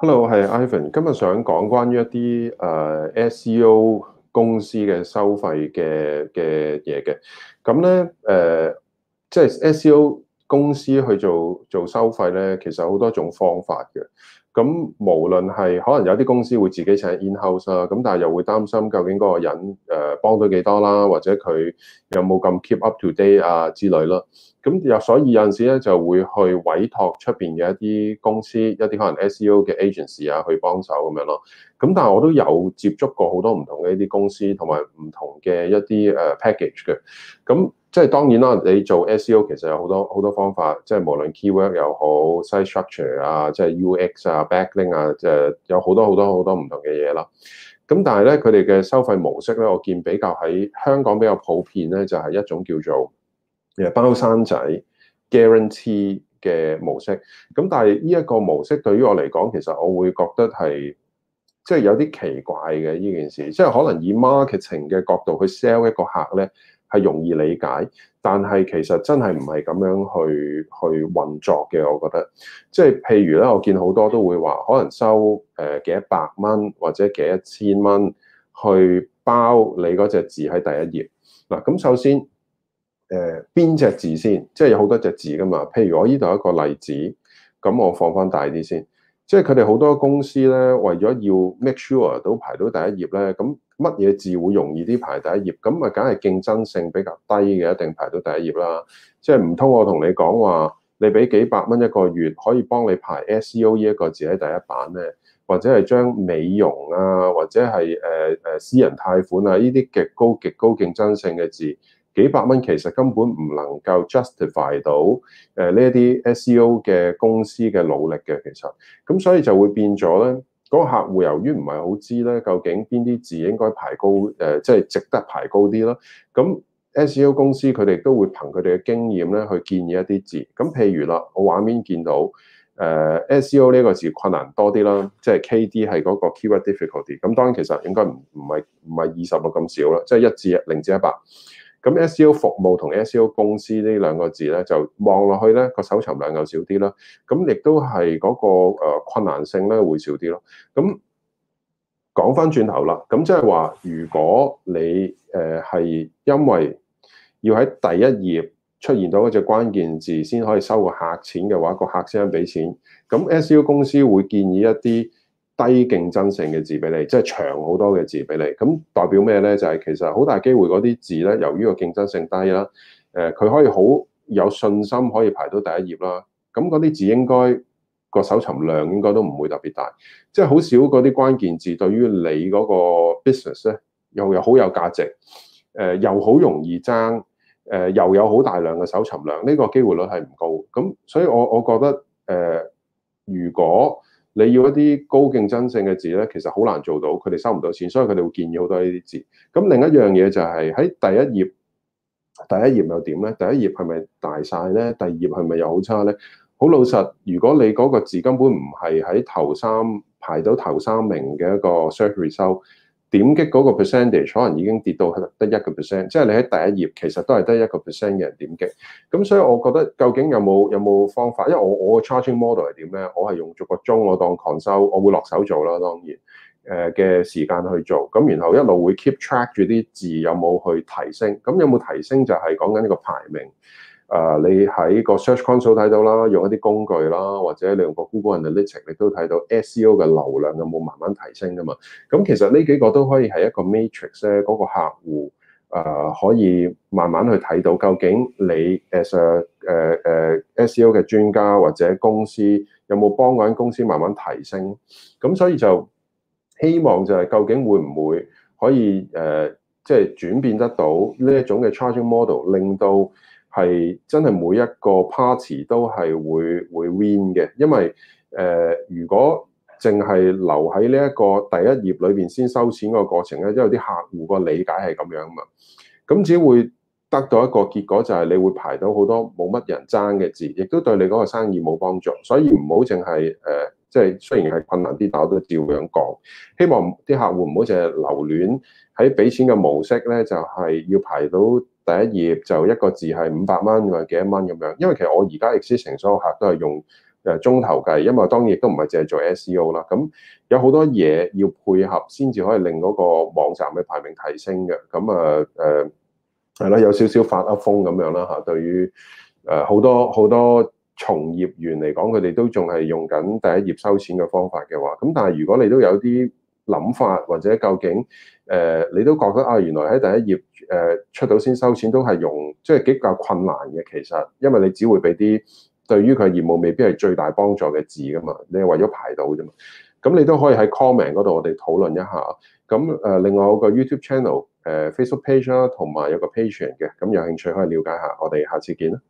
Hello，我係 Ivan，今日想講關於一啲誒 SEO 公司嘅收費嘅嘅嘢嘅，咁咧誒，即係 SEO。公司去做做收費咧，其實好多種方法嘅。咁無論係可能有啲公司會自己請 in-house 啦，咁但係又會擔心究竟嗰個人誒幫到幾多啦，或者佢有冇咁 keep up to date 啊之類咯。咁又所以有陣時咧就會去委託出邊嘅一啲公司、一啲可能 SEO 嘅 agency 啊去幫手咁樣咯。咁但係我都有接觸過好多唔同嘅一啲公司同埋唔同嘅一啲誒 package 嘅。咁即係當然啦，你做 SEO 其實有好多好多方法，即係無論 keyword 又好 site structure 啊，即係 UX 啊、backlink 啊，即係有好多好多好多唔同嘅嘢啦。咁但係咧，佢哋嘅收費模式咧，我見比較喺香港比較普遍咧，就係一種叫做包生仔 guarantee 嘅模式。咁但係呢一個模式對於我嚟講，其實我會覺得係即係有啲奇怪嘅呢件事，即係可能以 marketing 嘅角度去 sell 一個客咧。係容易理解，但係其實真係唔係咁樣去去運作嘅，我覺得。即係譬如咧，我見好多都會話，可能收誒幾一百蚊或者幾一千蚊去包你嗰隻字喺第一頁。嗱，咁首先誒邊隻字先？即係有好多隻字噶嘛。譬如我呢度一個例子，咁我放翻大啲先。即係佢哋好多公司咧，為咗要 make sure 都排到第一頁咧，咁。乜嘢字會容易啲排第一頁？咁啊，梗係競爭性比較低嘅，一定排到第一頁啦。即係唔通我同你講話，你俾幾百蚊一個月，可以幫你排 SEO 呢一個字喺第一版咩？或者係將美容啊，或者係誒誒私人貸款啊，呢啲極高極高競爭性嘅字，幾百蚊其實根本唔能夠 justify 到誒呢、呃、一啲 SEO 嘅公司嘅努力嘅，其實咁所以就會變咗咧。嗰個客戶由於唔係好知咧，究竟邊啲字應該排高，誒即係值得排高啲咯。咁 SEO 公司佢哋都會憑佢哋嘅經驗咧，去建議一啲字。咁譬如啦，我畫面見到誒、呃、SEO 呢個字困難多啲啦，即、就、係、是、K D 係嗰個 Keyword Difficulty。咁當然其實應該唔唔係唔係二十個咁少啦，即係一至零至一百。咁 S, S E O 服務同 S E O 公司呢兩個字咧，就望落去咧個搜尋量又少啲啦。咁亦都係嗰個困難性咧會少啲咯。咁講返轉頭啦，咁即係話，如果你誒係因為要喺第一頁出現到嗰隻關鍵字先可以收個客錢嘅話，個客先肯俾錢。咁 S E O 公司會建議一啲低競爭性嘅字俾你，即係長好多嘅字俾你，咁代表咩咧？就係其實好大機會嗰啲字咧，由於個競爭性低啦，誒佢可以好有信心可以排到第一頁啦。咁嗰啲字應該個搜尋量應該都唔會特別大，即係好少嗰啲關鍵字對於你嗰個 business 咧，又又好有價值，誒又好容易爭，誒又有好大量嘅搜尋量，呢個機會率係唔高。咁所以我我覺得誒如果你要一啲高競爭性嘅字咧，其實好難做到，佢哋收唔到錢，所以佢哋會建議好多呢啲字。咁另一樣嘢就係，喺第一頁，第一頁又點咧？第一頁係咪大晒咧？第二頁係咪又好差咧？好老實，如果你嗰個字根本唔係喺頭三排到頭三名嘅一個 search result 點擊嗰個 percentage 可能已經跌到係得一個 percent，即係你喺第一頁其實都係得一個 percent 嘅人點擊。咁所以我覺得究竟有冇有冇方法？因為我我嘅 charging model 係點咧？我係用逐個鐘我當 console 我會落手做啦，當然誒嘅時間去做。咁然後一路會 keep track 住啲字有冇去提升。咁有冇提升就係講緊呢個排名。誒，你喺個 search console 睇到啦，用一啲工具啦，或者你用個 Google Analytics，你都睇到 SEO 嘅流量有冇慢慢提升㗎嘛？咁其實呢幾個都可以係一個 matrix 咧，嗰個客戶誒可以慢慢去睇到，究竟你誒誒誒 SEO 嘅專家或者公司有冇幫緊公司慢慢提升？咁所以就希望就係究竟會唔會可以誒，即、uh, 係轉變得到呢一種嘅 charging model，令到係真係每一個 part 都係會會 win 嘅，因為誒、呃，如果淨係留喺呢一個第一頁裏邊先收錢個過程咧，因為啲客戶個理解係咁樣嘛，咁只會得到一個結果，就係你會排到好多冇乜人爭嘅字，亦都對你嗰個生意冇幫助，所以唔好淨係誒，即係雖然係困難啲，但我都照樣講，希望啲客戶唔好淨係留戀喺俾錢嘅模式咧，就係要排到。第一頁就一個字係五百蚊或者幾多蚊咁樣，因為其實我而家亦都成所有客都係用誒鐘頭計，因為當然亦都唔係淨係做 SEO 啦。咁有好多嘢要配合先至可以令嗰個網站嘅排名提升嘅。咁啊，誒係啦，有少少發噏風咁樣啦吓、啊。對於誒好、呃、多好多從業員嚟講，佢哋都仲係用緊第一頁收錢嘅方法嘅話，咁但係如果你都有啲諗法或者究竟誒、呃，你都覺得啊，原來喺第一頁誒、呃、出到先收錢都係用，即係比較困難嘅其實，因為你只會俾啲對於佢業務未必係最大幫助嘅字㗎嘛，你係為咗排到啫嘛。咁你都可以喺 comment 嗰度，我哋討論一下。咁誒，另外有個 YouTube channel、呃、誒 Facebook page 啦、啊，同埋有，有個 Patreon 嘅，咁有興趣可以了解下。我哋下次見啦。